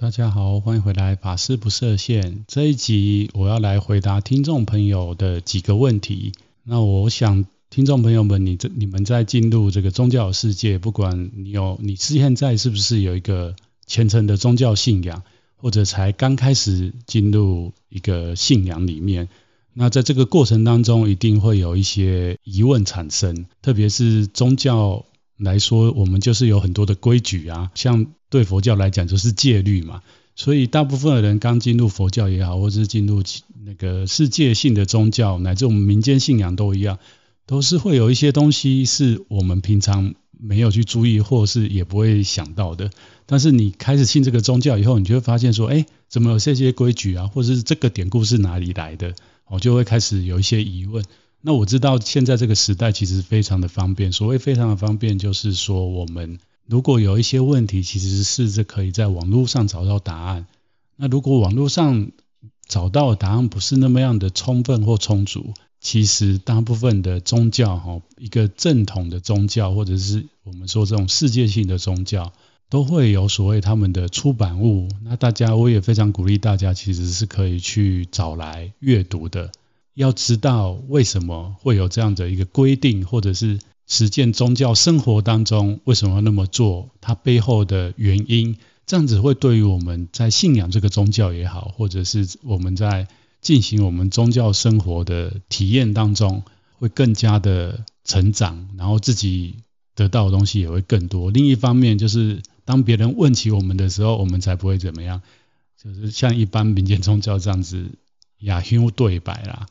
大家好，歡迎回來。法師不設限這一集，我要來回答聽眾朋友的幾個問題。那我想，聽眾朋友們，你在，你們在進入這個宗教世界，不管你有，你是現在是不是有一個虔誠的宗教信仰，或者才剛開始進入一個信仰裡面，那在這個過程當中，一定會有一些疑問產生。特別是宗教來說，我們就是有很多的規矩啊，像。對佛教來講，就是戒律嘛。所以大部分的人剛進入佛教也好，或者是進入那個世界性的宗教，乃至我們民間信仰都一樣，都是會有一些東西是我們平常沒有去注意，或是也不會想到的。但是你開始信這個宗教以後，你就會發現說，哎，怎麼有這些規矩啊，或者是這個典故是哪裡來的？我就會開始有一些疑問。那我知道現在這個時代其實非常的方便，所謂非常的方便，就是說我們。如果有一些問題，其實是可以在網絡上找到答案。那如果網絡上找到的答案不是那麼樣的充分或充足，其實大部分的宗教哈，一個正統的宗教或者是我們說這種世界性的宗教，都會有所謂他們的出版物。那大家我也非常鼓勵大家，其實是可以去找來閱讀的。要知道為什麼會有這樣的一個規定，或者是。實踐宗教生活當中，為什麼要那麼做？它背後的原因，這樣子會對於我們在信仰這個宗教也好，或者是我們在進行我們宗教生活的體驗當中，會更加的成長，然後自己得到的東西也會更多。另一方面，就是當別人問起我們的時候，我們才不會怎麼樣，就是像一般民間宗教這樣子啞胸對白啦。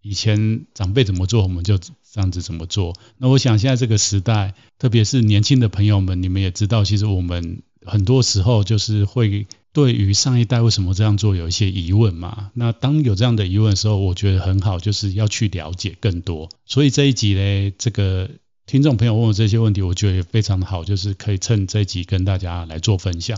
以前長輩怎麼做，我們就。這樣子怎麼做？那我想現在這個時代，特別是年輕的朋友們，你們也知道，其實我們很多時候就是會對於上一代為什麼這樣做有一些疑問嘛。那當有這樣的疑問的時候，我覺得很好，就是要去了解更多。所以這一集咧，這個聽眾朋友問我這些問題，我覺得也非常的好，就是可以趁這一集跟大家來做分享。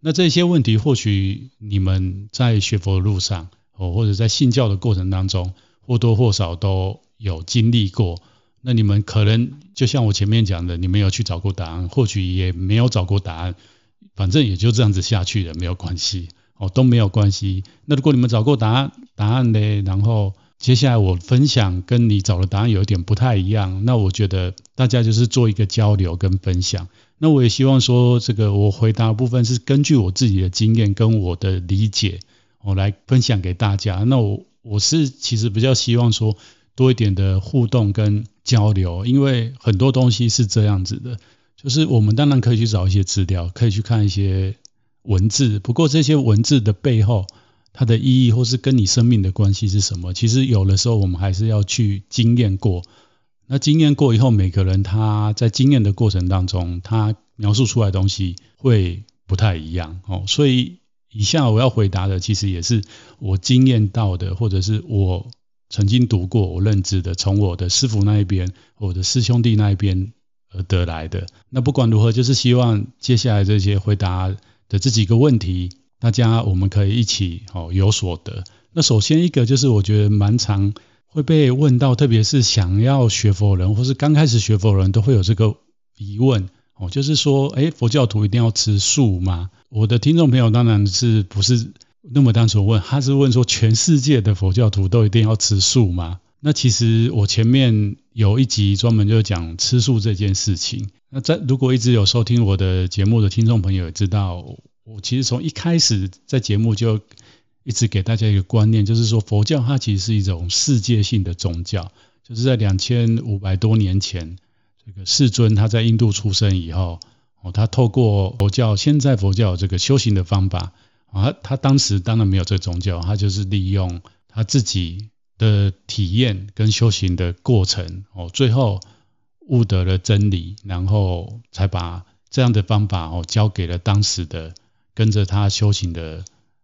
那這些問題，或許你們在學佛的路上，哦，或者在信教的過程當中，或多或少都。有經歷過，那你們可能就像我前面講的，你們有去找過答案，或許也沒有找過答案，反正也就這樣子下去了，沒有關係哦，都沒有關係。那如果你們找過答案，答案呢？然後接下來我分享跟你找的答案有一點不太一樣，那我覺得大家就是做一個交流跟分享。那我也希望說，這個我回答的部分是根據我自己的經驗跟我的理解，我、哦、來分享給大家。那我我是其實比較希望說。多一點的互動跟交流，因為很多東西是這樣子的，就是我們當然可以去找一些資料，可以去看一些文字，不過這些文字的背後，它的意義或是跟你生命的關係是什麼，其實有的時候我們還是要去經驗過。那經驗過以後，每個人他在經驗的過程當中，他描述出來的東西會不太一樣哦。所以以下我要回答的，其實也是我經驗到的，或者是我。曾經讀過，我認知的，從我的師父那一邊，我的師兄弟那一邊而得來的。那不管如何，就是希望接下來這些回答的這幾個問題，大家我們可以一起哦有所得。那首先一個就是我覺得蠻常會被問到，特別是想要學佛人，或是剛開始學佛人都會有這個疑問哦，就是說，誒，佛教徒一定要吃素嗎？我的聽眾朋友當然是不是？那麼單純問，他是問說全世界的佛教徒都一定要吃素嗎？那其實我前面有一集專門就講吃素這件事情。那在如果一直有收聽我的節目的聽眾朋友也知道我，我其實從一開始在節目就一直給大家一個觀念，就是說佛教它其實是一種世界性的宗教，就是在兩千五百多年前，這個世尊他在印度出生以後，哦，他透過佛教，現在佛教有這個修行的方法。啊，他當時當然沒有這宗教，他就是利用他自己的體驗跟修行的過程，哦，最後悟得了真理，然後才把這樣的方法哦交給了當時的跟着他修行的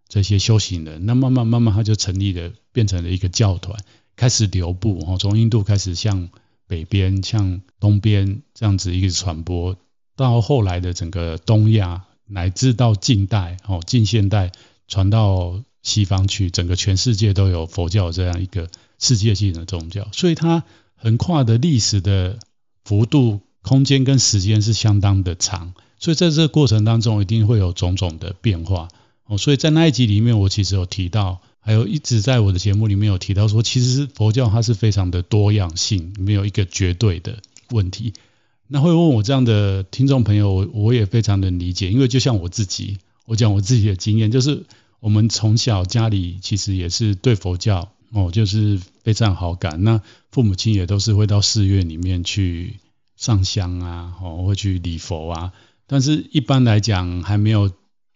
這些修行人。那慢慢慢慢，他就成立了，變成了一個教團，開始流布哦，從印度開始向北邊、向東邊這樣子一直傳播，到後來的整個東亞。乃至到近代，哦，近現代傳到西方去，整個全世界都有佛教這樣一個世界性的宗教，所以它橫跨的歷史的幅度、空間跟時間是相當的長，所以在這個過程當中一定會有種種的變化。哦，所以在那一集裡面，我其實有提到，還有一直在我的節目裡面有提到說，其實佛教它是非常的多樣性，沒有一個絕對的問題。那會問我這樣的聽眾朋友，我，我也非常的理解，因為就像我自己，我講我自己的經驗，就是我們從小家裡其實也是對佛教哦，就是非常好感。那父母親也都是會到寺院裡面去上香啊，哦，會去禮佛啊。但是一般來講，還沒有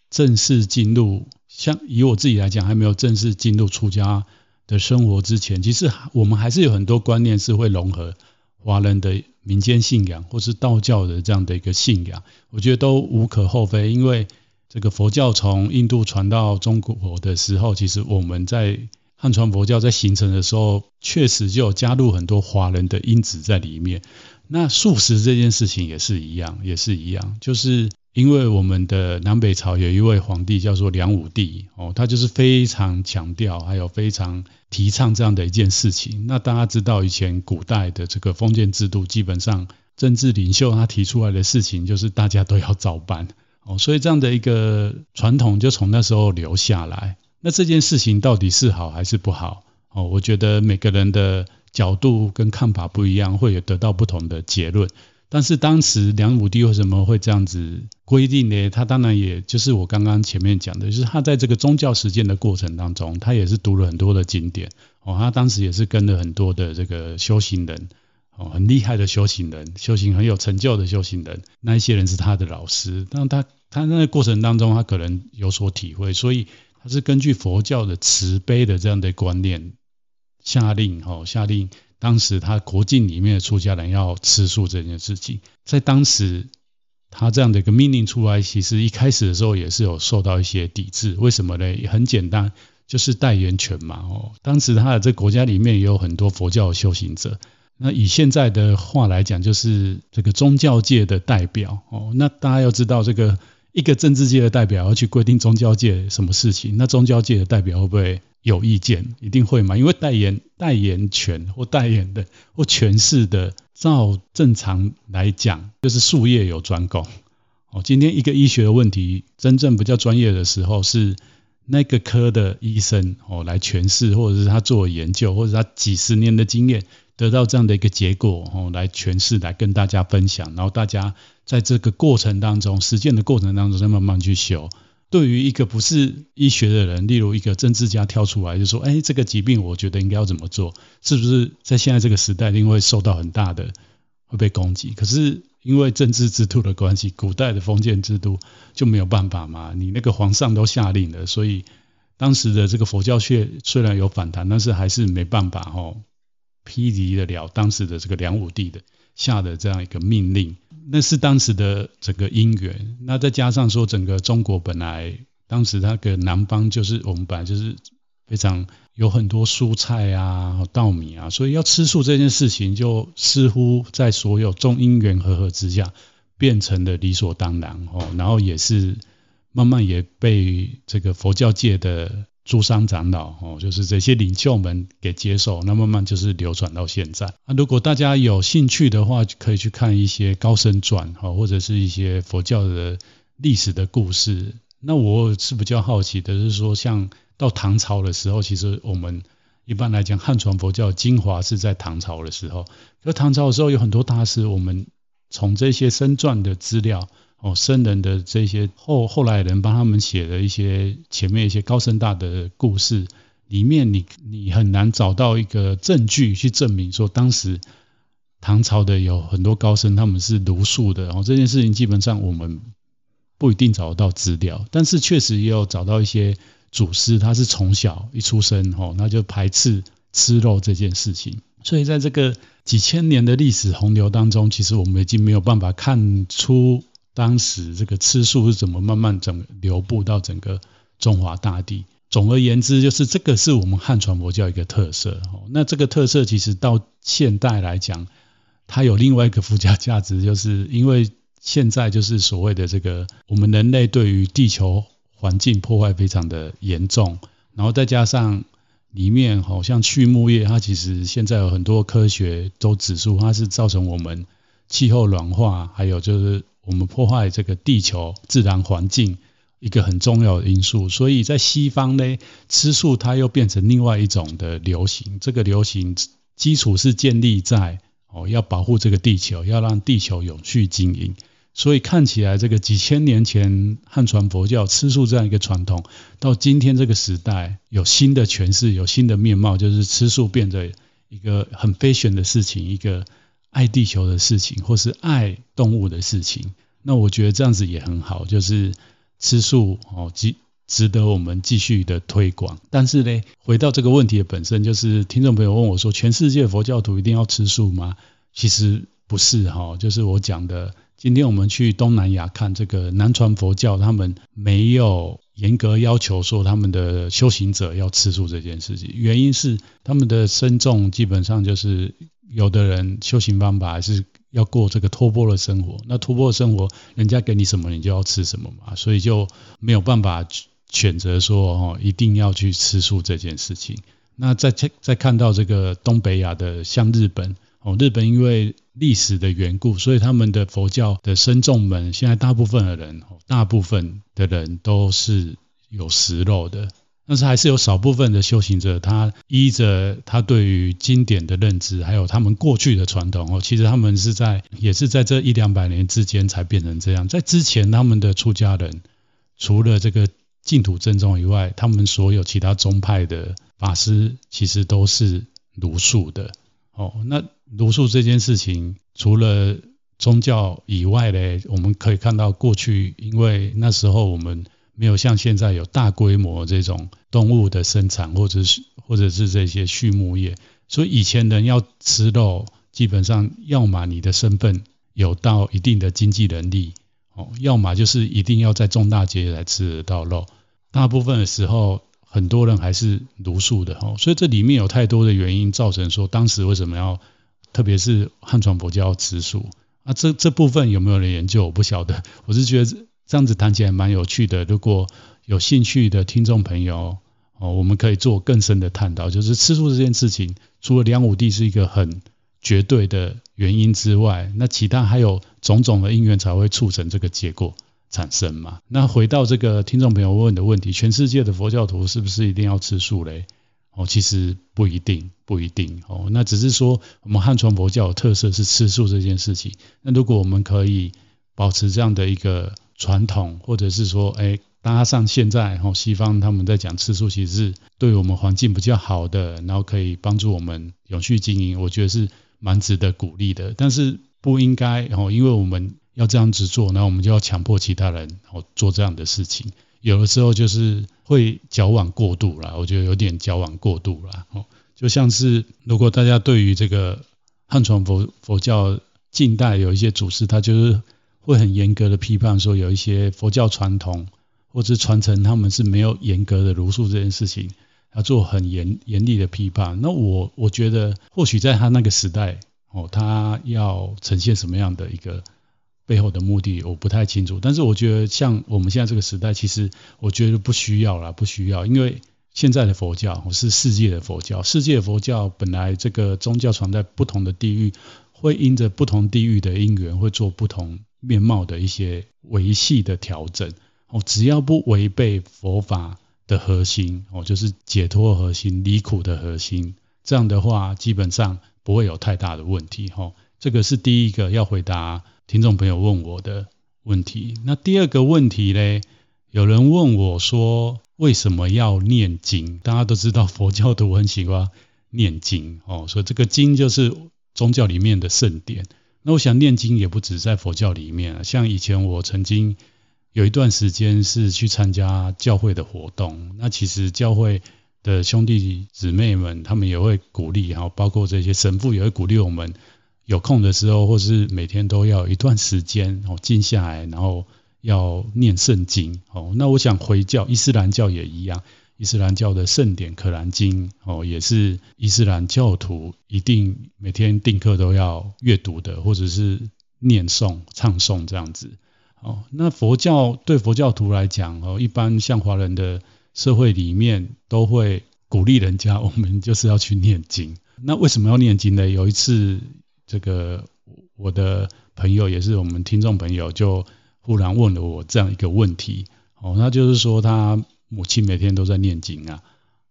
正式進入，像以我自己來講，還沒有正式進入出家的生活之前，其實我們還是有很多觀念是會融合華人的。民間信仰或是道教的這樣的一個信仰，我覺得都無可厚非，因為這個佛教從印度傳到中國的時候，其實我們在漢傳佛教在形成的時候，確實就有加入很多華人的因子在裡面。那素食這件事情也是一樣，也是一樣，就是。因為我們的南北朝有一位皇帝叫做梁武帝哦，他就是非常強調還有非常提倡這樣的一件事情。那大家知道以前古代的這個封建制度，基本上政治領袖他提出來的事情，就是大家都要照辦哦。所以這樣的一個傳統就從那時候留下來。那這件事情到底是好還是不好哦？我覺得每個人的角度跟看法不一樣，會得到不同的結論。但是當時梁武帝為什麼會這樣子規定呢？他當然也就是我剛剛前面講的，就是他在這個宗教實踐的過程當中，他也是讀了很多的經典哦，他當時也是跟了很多的這個修行人哦，很厲害的修行人，修行很有成就的修行人，那一些人是他的老師，但他他在那個過程當中，他可能有所體會，所以他是根據佛教的慈悲的這樣的觀念下令哦，下令。當時他國境裡面的出家人要吃素這件事情，在當時他這樣的一個命令出來，其實一開始的時候也是有受到一些抵制。為什麼呢？也很簡單，就是代言權嘛。哦，當時他的這個國家裡面也有很多佛教的修行者，那以現在的話來講，就是這個宗教界的代表。哦，那大家要知道這個。一個政治界的代表要去規定宗教界什麼事情，那宗教界的代表會不會有意見？一定會嘛，因為代言代言權或代言的或詮釋的，照正常來講就是術業有專攻。哦，今天一個醫學的問題，真正比較專業的時候是那個科的醫生哦來詮釋，或者是他做研究，或者是他幾十年的經驗得到這樣的一個結果哦來詮釋，來跟大家分享，然後大家。在這個過程當中，實踐的過程當中，再慢慢去修。對於一個不是醫學的人，例如一個政治家跳出來就說：“哎，這個疾病，我覺得應該要怎麼做？”是不是在現在這個時代，因為受到很大的會被攻擊？可是因為政治制度的關係，古代的封建制度就沒有辦法嘛。你那個皇上都下令了，所以當時的這個佛教界雖然有反彈，但是還是沒辦法哦，匹敵得了。當時的這個梁武帝的下的這樣一個命令，那是當時的整個因緣。那再加上說，整個中國本來當時那個南方就是我們本來就是非常有很多蔬菜啊、稻米啊，所以要吃素這件事情，就似乎在所有中因緣和合，合之下，變成了理所當然哦。然後也是慢慢也被這個佛教界的。諸山長老哦，就是這些領袖們給接受，那慢慢就是流傳到現在。那如果大家有興趣的話，可以去看一些高僧傳哈，或者是一些佛教的歷史的故事。那我是比較好奇的是說，像到唐朝的時候，其實我們一般來講漢傳佛教精華是在唐朝的時候。可唐朝的時候有很多大師，我們從這些僧傳的資料，哦，僧人的這些後後來人幫他們寫的一些前面一些高僧大德的故事，裡面你你很難找到一個證據去證明說，當時唐朝的有很多高僧他們是茹素的。然後，哦，這件事情基本上我們不一定找得到資料，但是確實也有找到一些祖師，他是從小一出生哦，那就排斥吃肉這件事情。所以在這個幾千年的歷史洪流當中，其實我們已經沒有辦法看出。當時這個吃素是怎麼慢慢整流布到整個中華大地？總而言之，就是這個是我們漢傳佛教一個特色。那這個特色其實到現代來講，它有另外一個附加價值，就是因為現在就是所謂的這個我們人類對於地球環境破壞非常的嚴重，然後再加上裡面好像畜牧業，它其實現在有很多科學都指出，它是造成我們氣候暖化，還有就是。我們破壞這個地球自然環境一個很重要的因素，所以在西方呢，吃素它又變成另外一種的流行。這個流行基礎是建立在哦，要保護這個地球，要讓地球永續經營。所以看起來這個幾千年前漢傳佛教吃素這樣一個傳統，到今天這個時代有新的詮釋，有新的面貌，就是吃素變得一個很 fashion 的事情，一個。愛地球的事情，或是愛動物的事情，那我覺得這樣子也很好，就是吃素哦，值值得我們繼續的推廣。但是呢，回到這個問題的本身，就是聽眾朋友問我說：全世界佛教徒一定要吃素嗎？其實不是哈、哦，就是我講的，今天我們去東南亞看這個南傳佛教，他們沒有嚴格要求說他們的修行者要吃素這件事情，原因是他們的僧眾基本上就是。有的人修行方法還是要過這個托缽的生活，那托缽的生活，人家給你什麼，你就要吃什麼嘛，所以就沒有辦法選擇說哦，一定要去吃素這件事情。那再再看到這個東北亞的，像日本哦，日本因為歷史的緣故，所以他們的佛教的僧眾們，現在大部分的人，大部分的人都是有食肉的。但是還是有少部分的修行者，他依着他對於經典的認知，還有他們過去的傳統哦，其實他們是在也是在這一兩百年之間才變成這樣。在之前，他們的出家人除了這個淨土正宗以外，他們所有其他宗派的法師其實都是茹素的哦。那茹素這件事情，除了宗教以外嘞，我們可以看到過去，因為那時候我們。沒有像現在有大規模這種動物的生產，或者是或者是這些畜牧業，所以以前人要吃肉，基本上要麼你的身份有到一定的經濟能力，哦，要麼就是一定要在重大節日來吃得到肉。大部分的時候，很多人還是茹素的，哦，所以這裡面有太多的原因造成說當時為什麼要，特別是漢傳佛教要吃素啊，這，這這部分有沒有人研究？我不曉得，我是覺得。這樣子談起來蠻有趣的，如果有興趣的聽眾朋友，哦，我們可以做更深的探討。就是吃素這件事情，除了梁武帝是一個很絕對的原因之外，那其他還有種種的因緣才會促成這個結果產生嘛？那回到這個聽眾朋友問的問題，全世界的佛教徒是不是一定要吃素嘞？哦，其實不一定，不一定哦。那只是說我們漢傳佛教特色是吃素這件事情。那如果我們可以保持這樣的一個。傳統，或者是說，大、哎、搭上現在齁、哦，西方他們在講吃素其實是對我們環境比較好的，然後可以幫助我們永續經營，我覺得是蠻值得鼓勵的。但是不應該，哦，因為我們要這樣子做，那我們就要強迫其他人哦做這樣的事情，有的時候就是會矯枉過度了，我覺得有點矯枉過度了。哦，就像是如果大家對於這個漢傳佛佛教近代有一些祖師，他就是。會很嚴格的批判說，有一些佛教傳統或者是傳承，他們是沒有嚴格的茹素這件事情，要做很嚴嚴厲的批判。那我我覺得，或許在他那個時代，哦，他要呈現什麼樣的一個背後的目的，我不太清楚。但是我覺得，像我們現在這個時代，其實我覺得不需要啦，不需要，因為現在的佛教，哦，是世界的佛教，世界的佛教本來這個宗教傳在不同的地域，會因着不同地域的因緣，會做不同。面貌的一些微細的調整，哦，只要不違背佛法的核心哦，就是解脫核心，離苦的核心，這樣的話基本上不會有太大的問題。吼，哦，這個是第一個要回答聽眾朋友問我的問題。那第二個問題嘞，有人問我說，為什麼要念經？大家都知道佛教徒很喜歡念經哦，所以這個經就是宗教裡面的聖典。那我想念經也不止在佛教裡面，像以前我曾經有一段時間是去參加教會的活動，那其實教會的兄弟姊妹們他們也會鼓勵，然後包括這些神父也會鼓勵我們，有空的時候或是每天都要一段時間，然後靜下來，然後要念聖經。哦，那我想回教、伊斯蘭教也一樣。伊斯蘭教的聖典《可蘭經》哦，也是伊斯蘭教徒一定每天定課都要閱讀的，或者是念誦、唱誦這樣子哦。那佛教對佛教徒來講哦，一般像華人的社會裡面都會鼓勵人家，我們就是要去念經。那為什麼要念經呢？有一次，這個我的朋友也是我們聽眾朋友，就忽然問了我這樣一個問題哦，那就是說他。母親每天都在念經啊，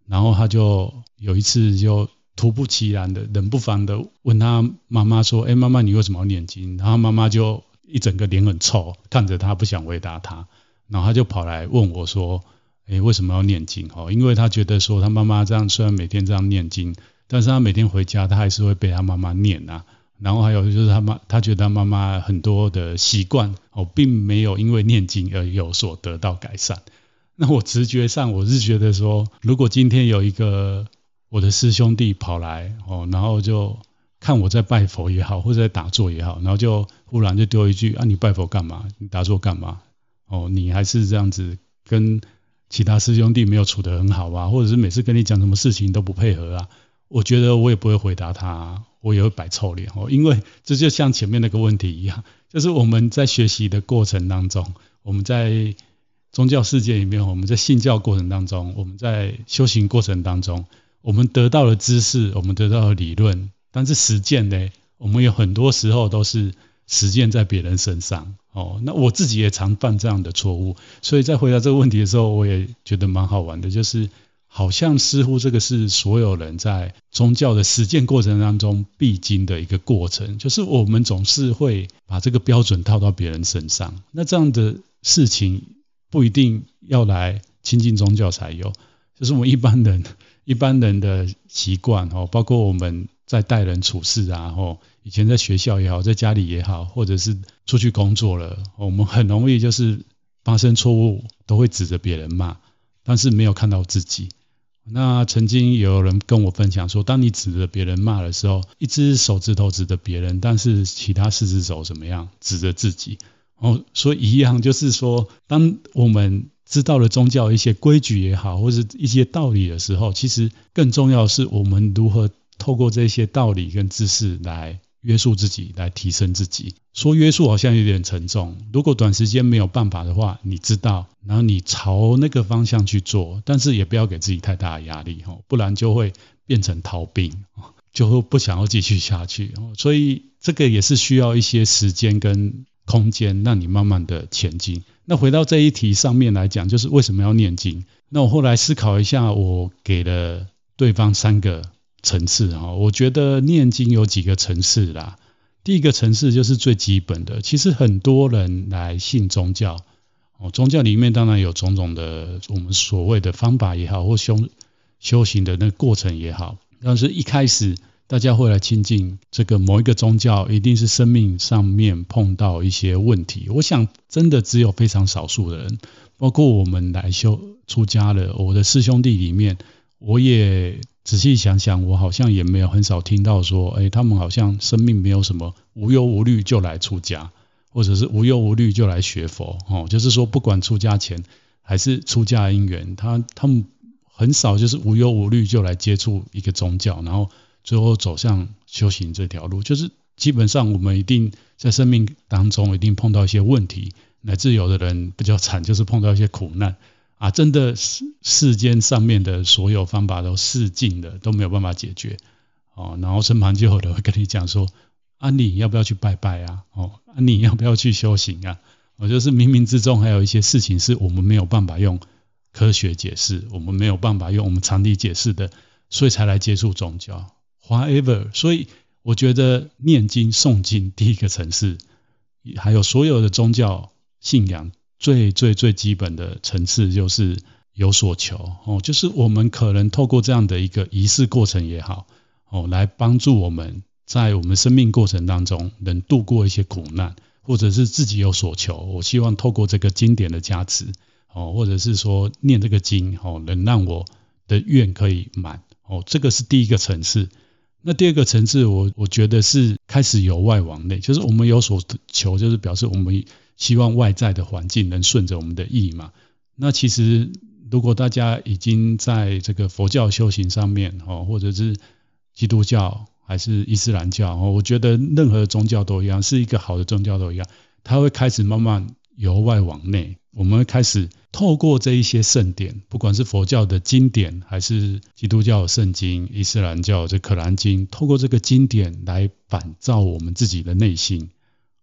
然後他就有一次就突不其然的，冷不防的問他媽媽說：“哎、欸，媽媽，你為什麼要念經？”然後她媽媽就一整個臉很臭，看着他不想回答他。然後他就跑來問我說：“哎、欸，為什麼要念經？”哦，因為他覺得說他媽媽這樣雖然每天這樣念經，但是他每天回家他還是會被他媽媽念啊。然後還有就是他媽，他覺得他媽媽很多的習慣哦，並沒有因為念經而有所得到改善。那我直覺上我是覺得說，如果今天有一個我的師兄弟跑來哦，然後就看我在拜佛也好，或者在打坐也好，然後就忽然就丟一句啊，你拜佛幹嘛？你打坐幹嘛？哦，你還是這樣子跟其他師兄弟沒有處得很好啊，或者是每次跟你講什麼事情都不配合啊？我覺得我也不會回答他啊，我也會擺臭臉哦，因為這就像前面那個問題一樣，就是我們在學習的過程當中，我們在。宗教世界裡面，我們在信教過程當中，我們在修行過程當中，我們得到了知識，我們得到了理論，但是實踐呢，我們有很多時候都是實踐在別人身上。哦，那我自己也常犯這樣的錯誤。所以在回答這個問題的時候，我也覺得蠻好玩的，就是好像似乎這個是所有人在宗教的實踐過程當中必經的一個過程，就是我們總是會把這個標準套到別人身上。那這樣的事情。不一定要來親近宗教才有，就是我們一般人一般人的習慣哦。包括我們在待人處事啊，吼，以前在學校也好，在家裡也好，或者是出去工作了，我們很容易就是發生錯誤，都會指着別人罵，但是沒有看到自己。那曾經有人跟我分享說，當你指着別人罵的時候，一只手指頭指着別人，但是其他四只手怎麼樣指着自己。哦，所以一樣就是說，當我們知道了宗教一些規矩也好，或者一些道理的時候，其實更重要的是，我們如何透過這些道理跟知識來約束自己，來提升自己。說約束好像有點沉重，如果短時間沒有辦法的話，你知道，然後你朝那個方向去做，但是也不要給自己太大的壓力，哦，不然就會變成逃兵，哦，就會不想要繼續下去，哦。所以這個也是需要一些時間跟。空間讓你慢慢的前進。那回到這一題上面來講，就是為什麼要念經？那我後來思考一下，我給了對方三個層次哈。我覺得念經有幾個層次啦。第一個層次就是最基本的，其實很多人來信宗教哦，宗教裡面當然有種種的我們所謂的方法也好，或修修行的那個過程也好，但是一開始。大家會來親近這個某一個宗教，一定是生命上面碰到一些問題。我想，真的只有非常少數的人，包括我們來修出家的，我的師兄弟裡面，我也仔細想想，我好像也沒有很少聽到說，哎，他們好像生命沒有什麼，無憂無慮就來出家，或者是無憂無慮就來學佛哦。就是說，不管出家前還是出家因緣，他他們很少就是無憂無慮就來接觸一個宗教，然後。最後走向修行這條路，就是基本上我們一定在生命當中一定碰到一些問題，乃至有的人比較慘，就是碰到一些苦難啊，真的世世間上面的所有方法都試盡了，都沒有辦法解決哦。然後身旁就有的人會跟你講說：“啊，你要不要去拜拜啊？哦、啊，你要不要去修行啊？”我、啊、就是冥冥之中還有一些事情是我們沒有辦法用科學解釋，我們沒有辦法用我們常理解釋的，所以才來接觸宗教。However，所以我覺得念經誦經第一個層次，還有所有的宗教信仰最最最基本的層次就是有所求哦，就是我們可能透過這樣的一個儀式過程也好哦，來幫助我們在我們生命過程當中能度過一些苦難，或者是自己有所求。我希望透過這個經典的加持哦，或者是說念這個經哦，能讓我的願可以滿哦，這個是第一個層次。那第二個層次，我我覺得是開始由外往內，就是我們有所求，就是表示我們希望外在的環境能順着我們的意嘛。那其實如果大家已經在這個佛教修行上面，或者是基督教還是伊斯蘭教，我覺得任何宗教都一樣，是一個好的宗教都一樣，他會開始慢慢。由外往內，我們開始透過這一些聖典，不管是佛教的經典，還是基督教的聖經、伊斯蘭教這《可蘭經》，透過這個經典來反照我們自己的內心。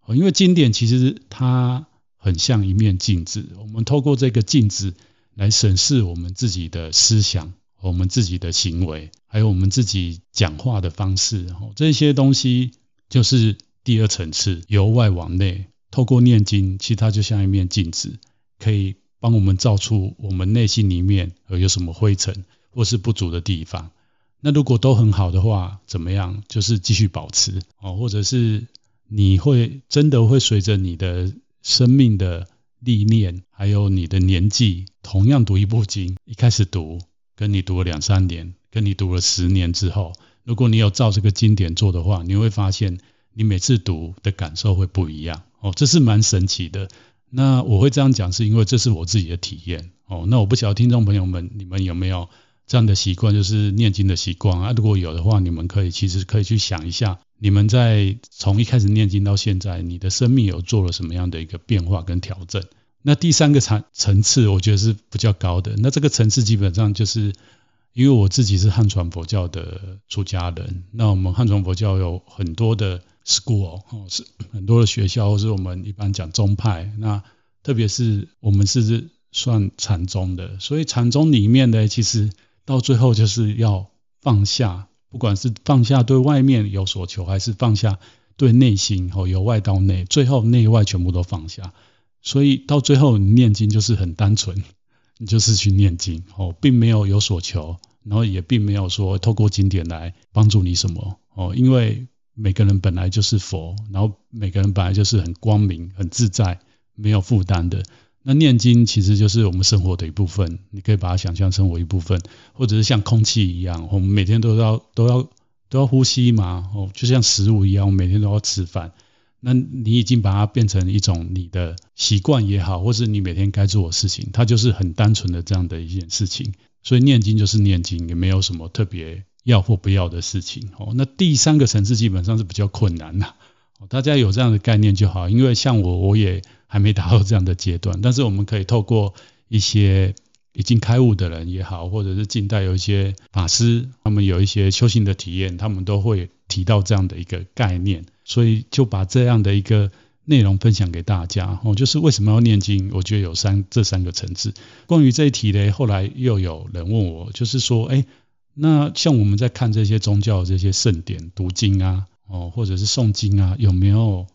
因為經典其實它很像一面鏡子，我們透過這個鏡子來審視我們自己的思想、我們自己的行為，還有我們自己講話的方式。哦，這些東西就是第二層次，由外往內。透過念經，其實它就像一面鏡子，可以幫我們照出我們內心裡面呃有什麼灰塵或是不足的地方。那如果都很好的話，怎麼樣？就是繼續保持哦，或者是你會真的會隨着你的生命的歷練，還有你的年紀，同樣讀一部經，一開始讀，跟你讀了兩三年，跟你讀了十年之後，如果你有照這個經典做的話，你會發現你每次讀的感受會不一樣。哦，這是蠻神奇的。那我會這樣講，是因為這是我自己的體驗。哦，那我不曉得聽眾朋友們，你們有沒有這樣的習慣，就是念經的習慣啊？如果有的話，你們可以其實可以去想一下，你們在從一開始念經到現在，你的生命有做了什麼樣的一個變化跟調整。那第三個層層次，我覺得是比較高的。那這個層次基本上就是，因為我自己是漢傳佛教的出家人，那我們漢傳佛教有很多的。school 哦，是很多的學校，或是我們一般講宗派，那特別是我們是算禪宗的，所以禪宗裡面呢，其實到最後就是要放下，不管是放下對外面有所求，還是放下對內心，哦，由外到內，最後內外全部都放下，所以到最後你念經就是很單純，你就是去念經哦，並沒有有所求，然後也並沒有說透過經典來幫助你什麼哦，因為。每個人本來就是佛，然後每個人本來就是很光明、很自在、沒有負擔的。那念經其實就是我們生活的一部分，你可以把它想象成為一部分，或者是像空氣一樣，我們每天都要都要都要呼吸嘛。哦，就像食物一樣，我們每天都要吃飯。那你已經把它變成一種你的習慣也好，或是你每天該做的事情，它就是很單純的這樣的一件事情。所以念經就是念經，也沒有什麼特別。要或不要的事情哦，那第三個層次基本上是比較困難啊，大家有這樣的概念就好，因為像我，我也還沒達到這樣的階段。但是我們可以透過一些已經開悟的人也好，或者是近代有一些法師，他們有一些修行的體驗，他們都會提到這樣的一個概念。所以就把這樣的一個內容分享給大家，我就是為什麼要念經？我覺得有三這三個層次。關於這一題呢，後來又有人問我，就是說，誒。那像我們在看這些宗教的這些聖典、讀經啊，哦，或者是誦經啊，有沒有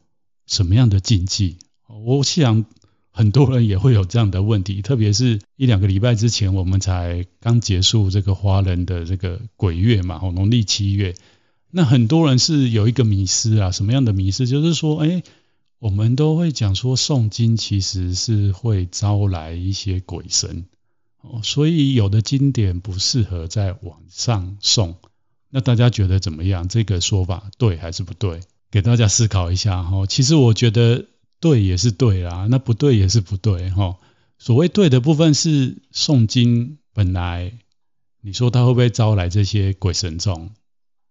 什麼樣的禁忌？我想很多人也會有這樣的問題，特別是一兩個禮拜之前，我們才剛結束這個華人的這個鬼月嘛，哦，農曆七月。那很多人是有一個迷思啊，什麼樣的迷思？就是說，哎，我們都會講說誦經其實是會招來一些鬼神。所以有的經典不適合在晚上誦，那大家覺得怎麼樣？這個說法對還是不對？給大家思考一下吼，其實我覺得對也是對啦，那不對也是不對吼，所謂對的部分是誦經本來，你說他會不會招來這些鬼神眾？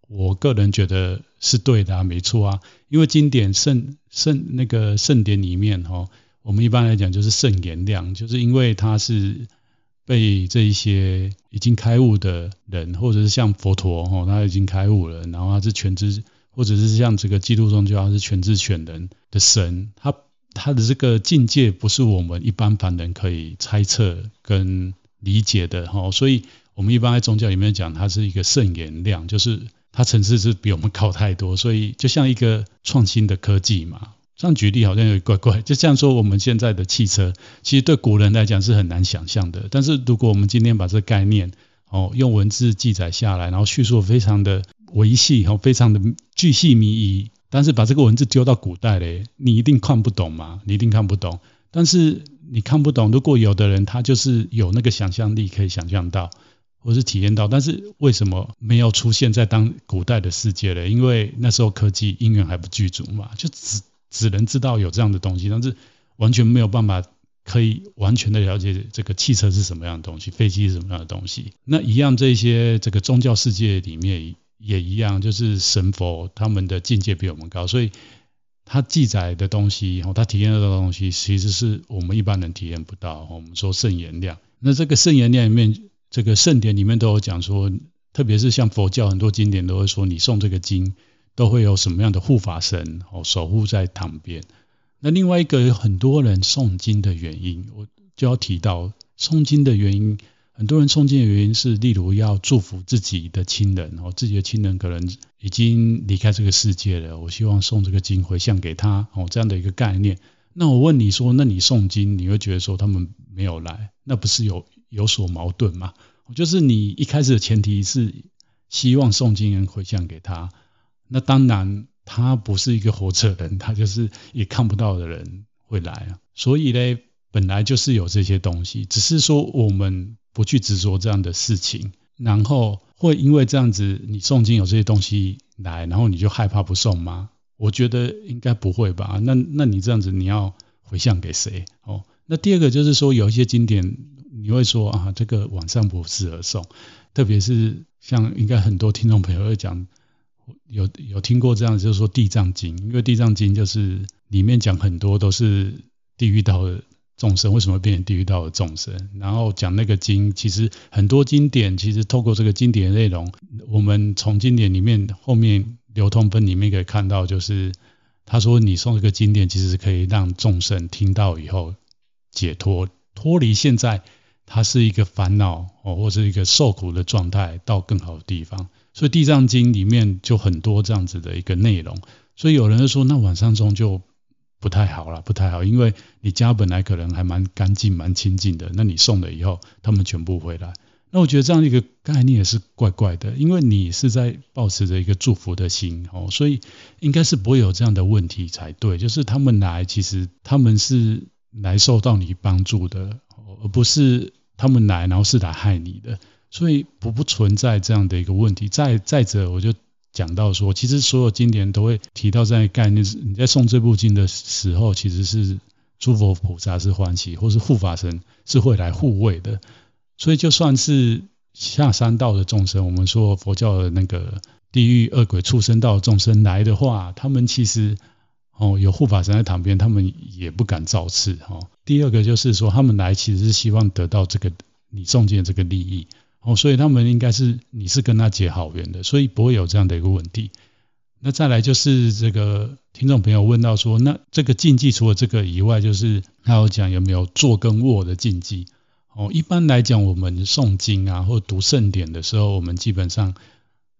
我個人覺得是對的啊，沒錯啊，因為經典聖聖那個聖典裡面哈，我們一般來講就是聖言量，就是因為它是。被這一些已經開悟的人，或者是像佛陀吼、哦，他已經開悟了，然後他是全知，或者是像這個基督宗教，他是全知全能的神，他他的這個境界不是我們一般凡人可以猜測跟理解的吼、哦，所以我們一般在宗教裡面講，他是一個聖言量，就是他層次是比我們高太多，所以就像一個創新的科技嘛。這樣舉例好像有點怪怪，就像說我們現在的汽車，其實對古人來講是很難想象的。但是如果我們今天把這個概念，哦，用文字記載下來，然後敘述非常的維繫，然後非常的巨細靡遺，但是把這個文字丟到古代嘞，你一定看不懂嘛，你一定看不懂。但是你看不懂，如果有的人他就是有那個想象力，可以想象到，或是體驗到，但是為什麼沒有出現在當古代的世界嘞？因為那時候科技因緣還不具足嘛，就只。只能知道有這樣的東西，但是完全沒有辦法可以完全的了解這個汽車是什麼樣的東西，飛機是什麼樣的東西。那一樣，這些這個宗教世界裡面也一樣，就是神佛他們的境界比我們高，所以他記載的東西，他體驗到的東西，其實是我們一般人體驗不到。我們說聖言量，那這個聖言量裡面，這個聖典裡面都有講說，特別是像佛教，很多經典都會說，你誦這個經。都會有什麼樣的護法神哦守護在旁邊？那另外一個有很多人誦經的原因，我就要提到誦經的原因。很多人誦經的原因是，例如要祝福自己的親人哦，自己的親人可能已經離開這個世界了，我希望誦這個經回向給他哦，這樣的一個概念。那我問你說，那你誦經，你會覺得說他們沒有來，那不是有有所矛盾嗎？就是你一開始的前提是希望誦經人回向給他。那當然，他不是一個活着的人，他就是也看不到的人會來啊。所以呢，本來就是有這些東西，只是說我們不去執着這樣的事情，然後會因為這樣子，你誦經有這些東西來，然後你就害怕不誦嗎？我覺得應該不會吧。那那你這樣子，你要回向給誰？哦，那第二個就是說，有一些經典你會說啊，這個晚上不適合誦，特別是像應該很多聽眾朋友會講。有有聽過這樣，就是說《地藏經》，因為《地藏經》就是裡面講很多都是地獄道的眾生，為什麼變成地獄道的眾生？然後講那個經，其實很多經典，其實透過這個經典的內容，我們從經典裡面後面流通分裡面可以看到，就是他說你誦這個經典，其實可以讓眾生聽到以後解脫，脫離現在他是一個煩惱，哦，或是一個受苦的狀態，到更好的地方。所以《地藏經》裡面就很多這樣子的一個內容。所以有人就說，那晚上誦就不太好了，不太好，因為你家本來可能還蠻乾淨、蠻清淨的，那你誦了以後，他們全部回來。那我覺得這樣一個概念也是怪怪的，因為你是在抱持着一個祝福的心哦，所以應該是不會有這樣的問題才對。就是他們來，其實他們是來受到你幫助的，而不是他們來，然後是來害你的。所以不不存在這樣的一個問題。再再者，我就講到說，其實所有經典都會提到這樣一個概念，你在誦這部經的時候，其實是諸佛菩薩是歡喜，或是護法神是會來護衛的。所以，就算是下三道的眾生，我們說佛教的那個地獄餓鬼畜生道眾生來的話，他們其實哦有護法神在旁邊，他們也不敢造次。哈、哦。第二個就是說，他們來其實是希望得到這個你誦經的這個利益。哦，所以他們應該是你是跟他結好緣的，所以不會有這樣的一個問題。那再來就是這個聽眾朋友問到說，那這個禁忌除了這個以外，就是還有講有沒有坐跟臥的禁忌？哦，一般來講，我們誦經啊或讀聖典的時候，我們基本上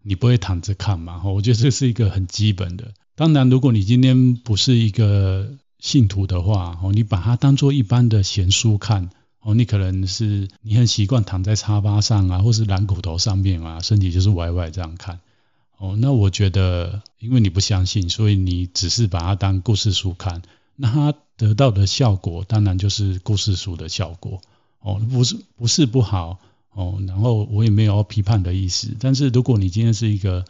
你不會躺着看嘛。哦，我覺得這是一個很基本的。當然，如果你今天不是一個信徒的話，哦，你把它當做一般的閒書看。哦，你可能是你很習慣躺在沙發上啊，或是懶骨頭上面啊，身體就是歪歪這樣看。哦，那我覺得，因為你不相信，所以你只是把它當故事書看。那它得到的效果，當然就是故事書的效果。哦，不是不是不好。哦，然後我也沒有批判的意思。但是如果你今天是一個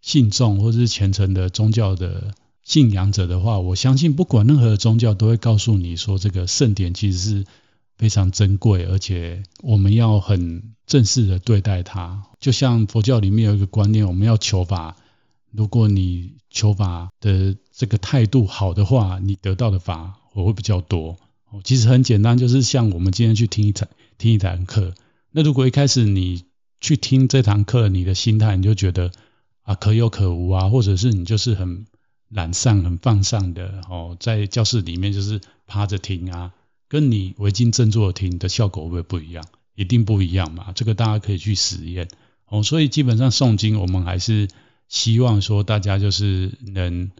信眾或者是虔誠的宗教的信仰者的話，我相信不管任何宗教都會告訴你說，這個聖典其實是。非常珍貴，而且我們要很正式的對待它。就像佛教裡面有一個觀念，我們要求法。如果你求法的這個態度好的話，你得到的法我會比較多。哦，其實很簡單，就是像我們今天去聽一堂聽一堂課。那如果一開始你去聽這堂課，你的心態你就覺得，啊，可有可無啊，或者是你就是很懶散、很放散的哦，在教室裡面就是趴着聽啊。跟你危襟正坐聽的效果會不會不一樣？一定不一樣嘛，這個大家可以去實驗哦。所以基本上誦經，我們還是希望說大家就是能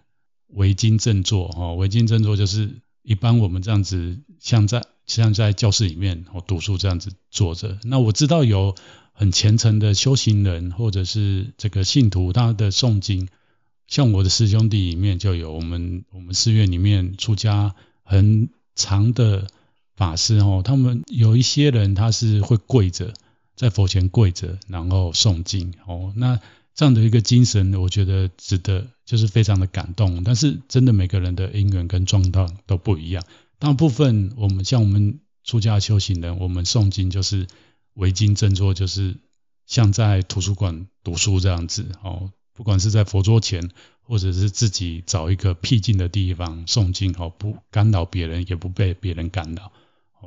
危襟正坐哈。危襟正坐就是一般我們這樣子，像在像在教室裡面哦讀書這樣子坐着。那我知道有很虔誠的修行人，或者是這個信徒，他的誦經，像我的師兄弟裡面就有，我們我們寺院裡面出家很長的。法師哦，他們有一些人他是會跪着在佛前跪着然後誦經哦。那這樣的一個精神，我覺得值得，就是非常的感動。但是真的每個人的因緣跟狀況都不一樣。大部分我們像我們出家修行人，我們誦經就是為經正坐，就是像在圖書館讀書這樣子哦。不管是在佛桌前，或者是自己找一個僻靜的地方誦經哦，不干擾別人，也不被別人干擾。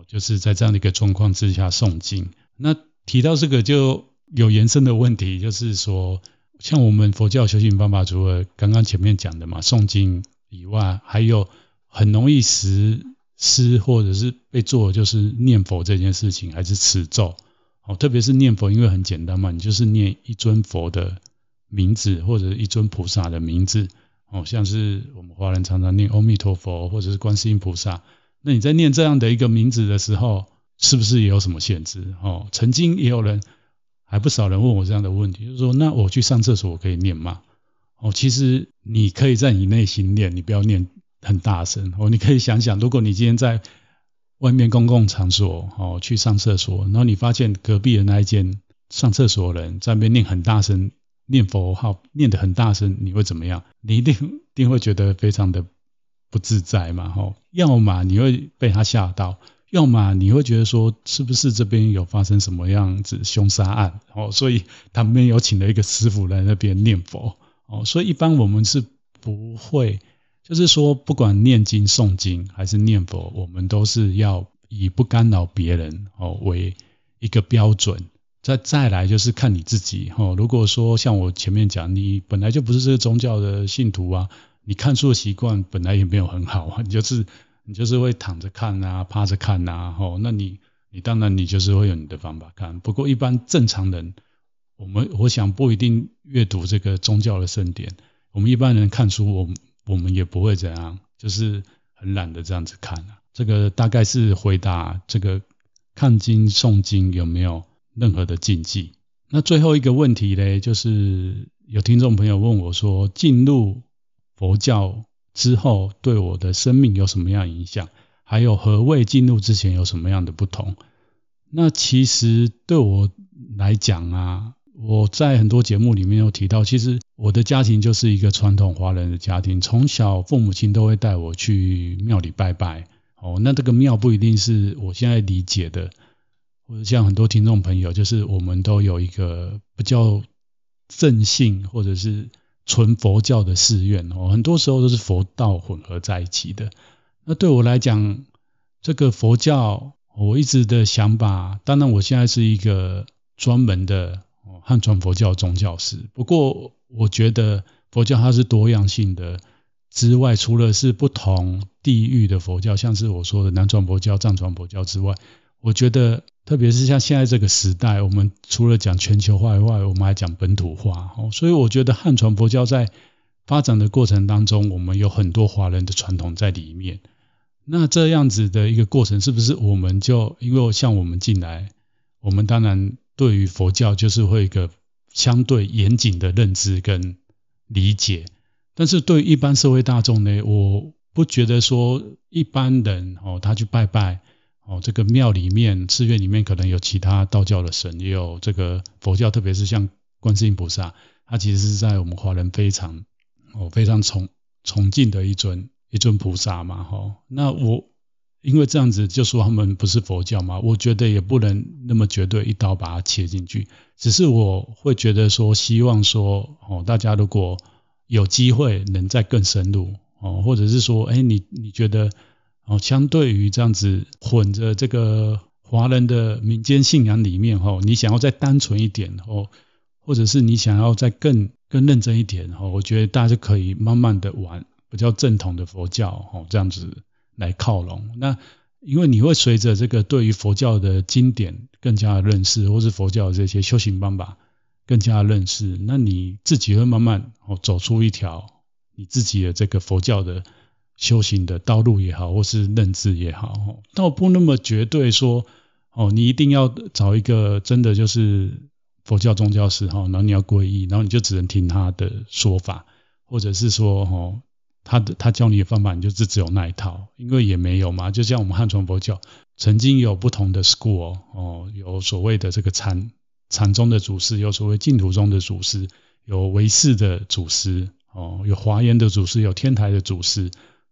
就是在這樣的一個狀況之下誦經。那提到這個就有延伸的問題，就是說，像我們佛教修行方法，除了剛剛前面講的嘛誦經以外，還有很容易實施或者是被做，就是念佛這件事情，還是持咒。哦，特別是念佛，因為很簡單嘛，你就是念一尊佛的名字或者一尊菩薩的名字。哦，像是我們華人常常念阿彌陀佛或者是觀世音菩薩。那你在念這樣的一個名字的時候，是不是也有什麼限制？哦，曾經也有人，還不少人問我這樣的問題，就是說，那我去上廁所，我可以念嗎？哦，其實你可以在你內心念，你不要念很大聲。哦，你可以想想，如果你今天在外面公共場所，哦，去上廁所，然後你發現隔壁的那一間上廁所的人在那邊念很大聲，念佛號念得很大聲，你會怎麼樣？你一定一定會覺得非常的。不自在嘛，吼，要麼你會被他嚇到，要麼你會覺得說，是不是這邊有發生什麼樣子凶殺案，哦，所以他們有請了一個師父來那邊念佛，哦，所以一般我們是不會，就是說不管念經、誦經還是念佛，我們都是要以不干擾別人哦為一個標準，再再來就是看你自己，吼，如果說像我前面講，你本來就不是這個宗教的信徒啊。你看書的習慣本來也沒有很好啊，你就是你就是會躺着看啊，趴着看啊，吼，那你你當然你就是會有你的方法看。不過一般正常人，我們我想不一定閱讀這個宗教的聖典。我們一般人看書，我們我們也不會怎樣，就是很懶得這樣子看啊。這個大概是回答這個看經誦經有沒有任何的禁忌。那最後一個問題嘞，就是有聽眾朋友問我說，進入。佛教之後對我的生命有什麼樣的影響？還有和未進入之前有什麼樣的不同？那其實對我來講啊，我在很多節目裡面有提到，其實我的家庭就是一個傳統華人的家庭，從小父母親都會帶我去廟裡拜拜。哦，那這個廟不一定是我現在理解的，或者像很多聽眾朋友，就是我們都有一個不叫正信，或者是。純佛教的寺院哦，很多時候都是佛道混合在一起的。那對我來講，這個佛教我一直的想法，當然我現在是一個專門的漢傳佛教宗教師。不過我覺得佛教它是多樣性的，之外除了是不同地域的佛教，像是我說的南傳佛教、藏傳佛教之外，我覺得。特別是像現在這個時代，我們除了講全球化以外，我們還講本土化。所以我覺得漢傳佛教在發展的過程當中，我們有很多華人的傳統在裡面。那這樣子的一個過程，是不是我們就因為像我們進來，我們當然對於佛教就是會一個相對嚴謹的認知跟理解。但是對一般社會大眾呢，我不覺得說一般人哦，他去拜拜。哦，這個廟裡面，寺院裡面可能有其他道教的神，也有這個佛教，特別是像觀世音菩薩，他其實是在我們華人非常哦非常崇崇敬的一尊一尊菩薩嘛。哈，那我因為這樣子就說他們不是佛教嘛，我覺得也不能那麼絕對一刀把它切進去，只是我會覺得說，希望說哦，大家如果有機會能再更深入哦，或者是說，哎，你你覺得？哦，相對於這樣子混着這個華人的民間信仰裡面，哈，你想要再單純一點，哦，或者是你想要再更更認真一點，哦，我覺得大家可以慢慢的往，比較正統的佛教，哈，這樣子來靠攏。那因為你會隨着這個對於佛教的經典更加的認識，或是佛教的這些修行方法更加的認識，那你自己會慢慢哦走出一條你自己的這個佛教的。修行的道路也好，或是認知也好，倒但我不那麼絕對說，哦，你一定要找一個真的就是佛教宗教師，然後你要皈依，然後你就只能聽他的說法，或者是說，哦，他的他教你的方法，你就只只有那一套，因為也沒有嘛。就像我們漢傳佛教曾經有不同的 school，哦，有所謂的這個禪禪宗的祖師，有所謂淨土宗的祖師，有唯識的祖師，哦，有華嚴的祖師，有天台的祖師。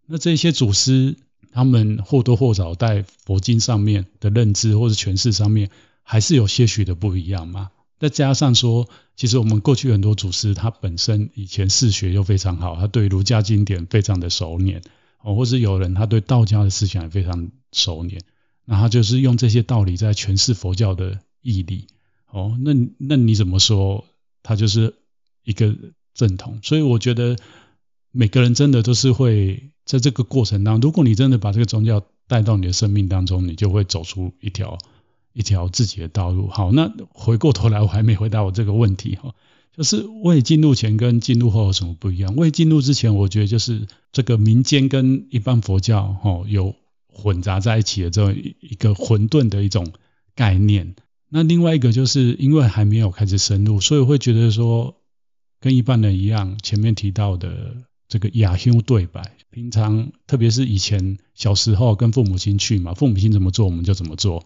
那這些祖師，他們或多或少在佛經上面的認知或者詮釋上面，還是有些許的不一樣嘛。再加上說，其實我們過去很多祖師，他本身以前世學又非常好，他對儒家經典非常的熟稔哦，或者有人他對道家的思想也非常熟稔，那他就是用這些道理在詮釋佛教的義理哦。那那你怎麼說，他就是一個正統？所以我覺得。每個人真的都是會在這個過程當中，如果你真的把這個宗教帶到你的生命當中，你就會走出一條一條自己的道路。好，那回過頭來，我還沒回答我這個問題哈，就是未進入前跟進入後有什麼不一樣？未進入之前，我覺得就是這個民間跟一般佛教吼有混雜在一起的這種一個混沌的一種概念。那另外一個就是因為還沒有開始深入，所以會覺得說跟一般人一樣，前面提到的。這個亞修對白，平常特別是以前小時候跟父母親去嘛，父母親怎麼做我們就怎麼做。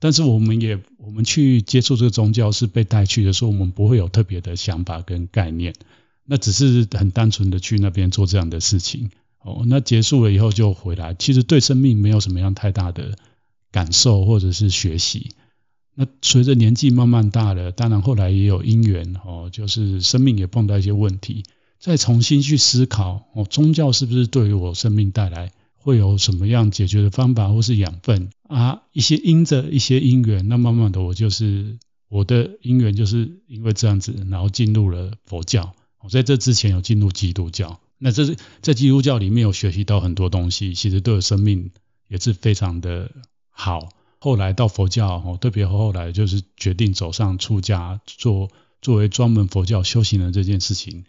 但是我們也我們去接觸這個宗教是被帶去的時候，我們不會有特別的想法跟概念，那只是很單純的去那邊做這樣的事情。哦，那結束了以後就回來，其實對生命沒有什麼樣太大的感受或者是學習。那隨着年紀慢慢大了，當然後來也有因緣哦，就是生命也碰到一些問題。再重新去思考，哦，宗教是不是對於我生命帶來會有什麼樣解決的方法，或是養分啊？一些因着一些因緣，那慢慢的我就是我的因緣，就是因為這樣子，然後進入了佛教。我在這之前有進入基督教，那這是在基督教裡面有學習到很多東西，其實對我生命也是非常的好。後來到佛教，哦，特別後來就是決定走上出家，做作為專門佛教修行的這件事情。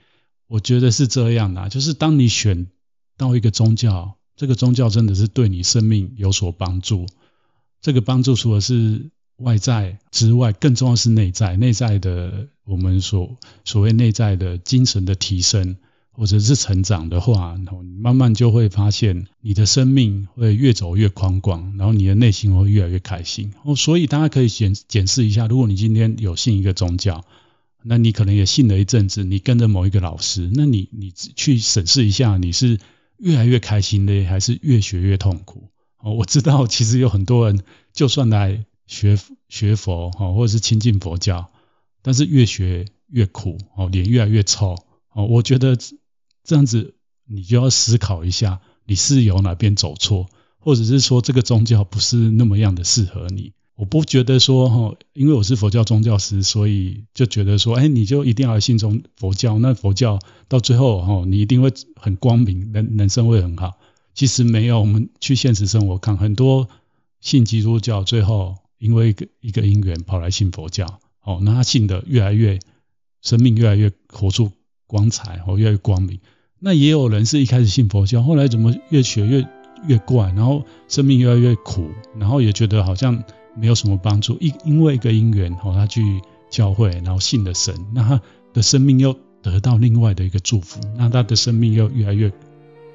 我覺得是這樣的啊，就是當你選到一個宗教，這個宗教真的是對你生命有所幫助。這個幫助除了是外在之外，更重要的是內在，內在的我們所所謂內在的精神的提升，或者是成長的話，然後慢慢就會發現你的生命會越走越寬廣，然後你的內心會越來越開心。哦，所以大家可以檢檢視一下，如果你今天有信一個宗教，那你可能也信了一陣子，你跟着某一個老師，那你你去審視一下，你是越來越開心呢，還是越學越痛苦？哦，我知道，其實有很多人，就算來學學佛，哦，或者是親近佛教，但是越學越苦，哦，臉越來越臭，哦，我覺得這樣子，你就要思考一下，你是有哪邊走錯，或者是說這個宗教不是那麼樣的適合你。我不覺得說哈，因為我是佛教宗教師，所以就覺得說，哎，你就一定要信宗佛教。那佛教到最後哈，你一定會很光明，人人生會很好。其實沒有，我們去現實生活看，很多信基督教，最後因為一個一個因緣，跑來信佛教，哦，那他信的越來越，生命越來越活出光彩，哦，越來越光明。那也有人是一開始信佛教，後來怎麼越學越越怪，然後生命越來越苦，然後也覺得好像。沒有什麼幫助，一因為一個因緣，他去教會，然後信了神，那他的生命又得到另外的一個祝福，那他的生命又越來越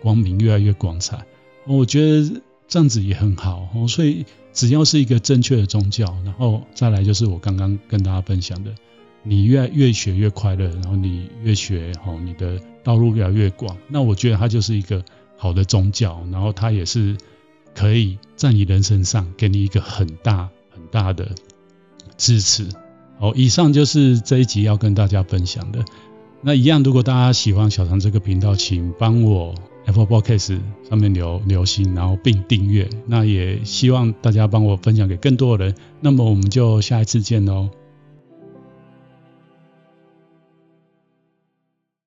光明，越來越光彩。我覺得這樣子也很好，所以只要是一個正確的宗教，然後再來就是我剛剛跟大家分享的，你越來越學越快樂，然後你越學吼，你的道路越來越廣，那我覺得它就是一個好的宗教，然後它也是。可以在你人生上給你一個很大很大的支持。好，以上就是這一集要跟大家分享的。那一樣，如果大家喜歡小禪這個頻道，請幫我 Apple Podcast 上面留留心，然後並訂閱。那也希望大家幫我分享給更多的人。那麼我們就下一次見嘍、哦。